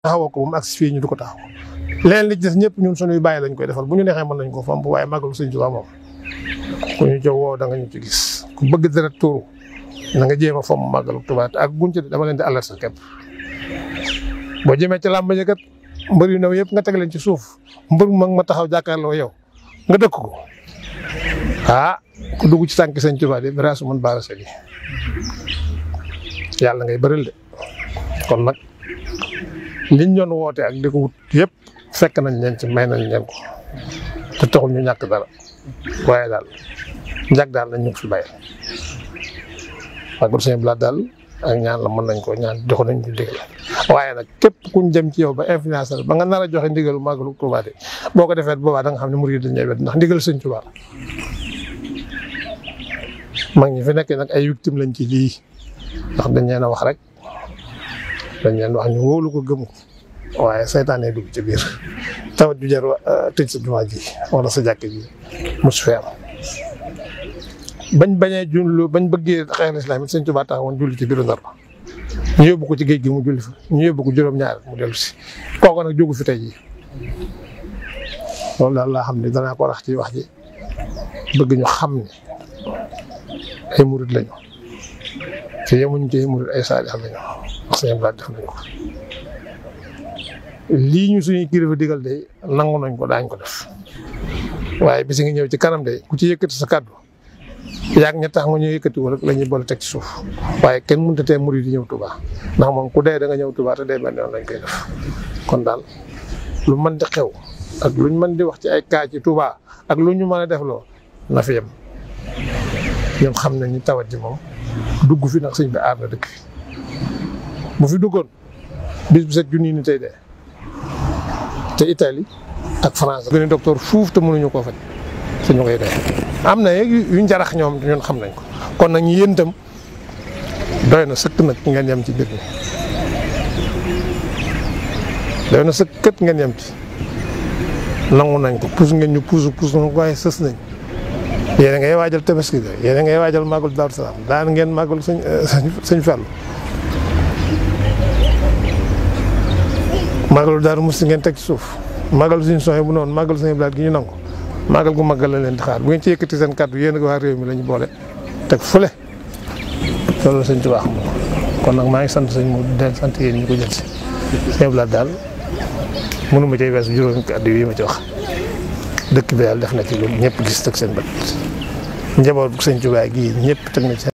taxawoo ko moom ak fii ñu du ko taxaw leen li ci des ñëpp ñun suñuy bàyyi lañ koy defal bu ñu neexee ma nañ ko fomp waaye màggalu Sëñ Tuubaa moom ku ñu jox woo da ñu ci gis ku bëgg dara tuuru na nga jéem a fomp màggalu Tuubaa ak guñ ci dama leen di alerte képp boo jëmee ci làmb ja kat yu ndaw yëpp nga teg leen ci suuf mbër mu mag ma taxaw jàkkaarloo yow nga dëkk ko ah ku dugg ci tànk Sëñ Tuubaa de bi raasu mën baarase bi yàlla ngay bëral de kon nag liñ doon woote ak li wut yépp fekk nañ leen ci may nañ leen ko te taxul ñu ñàkk dara waaye daal njàg daal lañ ñu fi bàyyi waaye sëñ Bala daal ak ñaan la mën nañ ko ñaan jox nañ ko waaye nag képp kuñ jëm ci yow ba influence ba nga nar a joxe ndigalu màggalu Tuubaa de boo ko defee boobaa da xam ne murid dañ lay wet ndax ndigal sëñ Tuubaa mag ñi fi nekkee nag ay victime lañ ci lii ndax dañ leen a wax rek dañ leen wax ñu wóolu ko gëm ko waaye seytaane dugg ci biir tawat ju jar euh, tëj sa jumaa ji wala sa jàkk ji mosu fee am bañ bañee jullu bañ bëggee xeex lislaam it sëñ Tuubaa taxawoon julli ci biiru Ndar ñu yóbbu ko ci géej gi mu julli fa ñu yóbbu ñaar mu dellu si kooku nag jógu fi tey jii loolu daal laa xam ne danaa ko rax ci wax ji bëgg ñu xam ne ay murit lañu te yemuñu ci murid ay saalix lañu seen baat def nañ ko ñu suñuy kilifa digal de nangu nañ ko daañ ko def waaye ñëw ci kanam ku ci yëkkati sa kàddu yaag ña tax ñu yëkkati ko rek la ñuy boole ci suuf waaye kenn mënut a tee murid di ñëw Tuubaa ndax moom ku dee da ñëw Tuubaa te dee benn yoon lañ kon daal lu mën di xew ak luñ mën di wax ci ay kaa ci ak lu ñu mën a def loo na fi yem ñoom xam nañ ñu tawat ji moom dugg fi ndax sëñ bi aar na dëkk fi bu fi duggoon bis bi set junni ni tey dee te itali ak France gën a docteur fuuf te mënuñu koo faj suñu koy dee am na yeeg yu njarax ñoom ñun xam nañ ko kon nag ñu yéen itam doy na sëkk nag ngeen yem ci mbir mi doy na sëkk kët ngeen yem ci nangu nañ ko pousse ngeen ñu pousse pousse nañ waaye sës nañ yéen a ngay waajal tabaski ga yéen a ngay waajal màggul Daaru Salaam daan ngeen màggul eh, sëñ sëñ Fallu màggalu Daaru Musti ngeen teg ci suuf màggalu suñu soxee bu noonu màggalu sëñ Blaat gi ñu nangu màggal gu màggal la leen di xaar bu ngeen ci yëkkati seen kàddu yéen ak waa réew mi lañu boole teg fule loolu la sëñ Tuubaa kon nag maa ngi sant sëñ mu den sant yéen ñu ko jël si sëñ daal mënu ma cay weesu juróomi kàddu yi ma ci wax dëkk bi daal def na ci lu ñëpp gis teg seen bët njaboot bu sëñ Tuubaa gii ñëpp teg na ci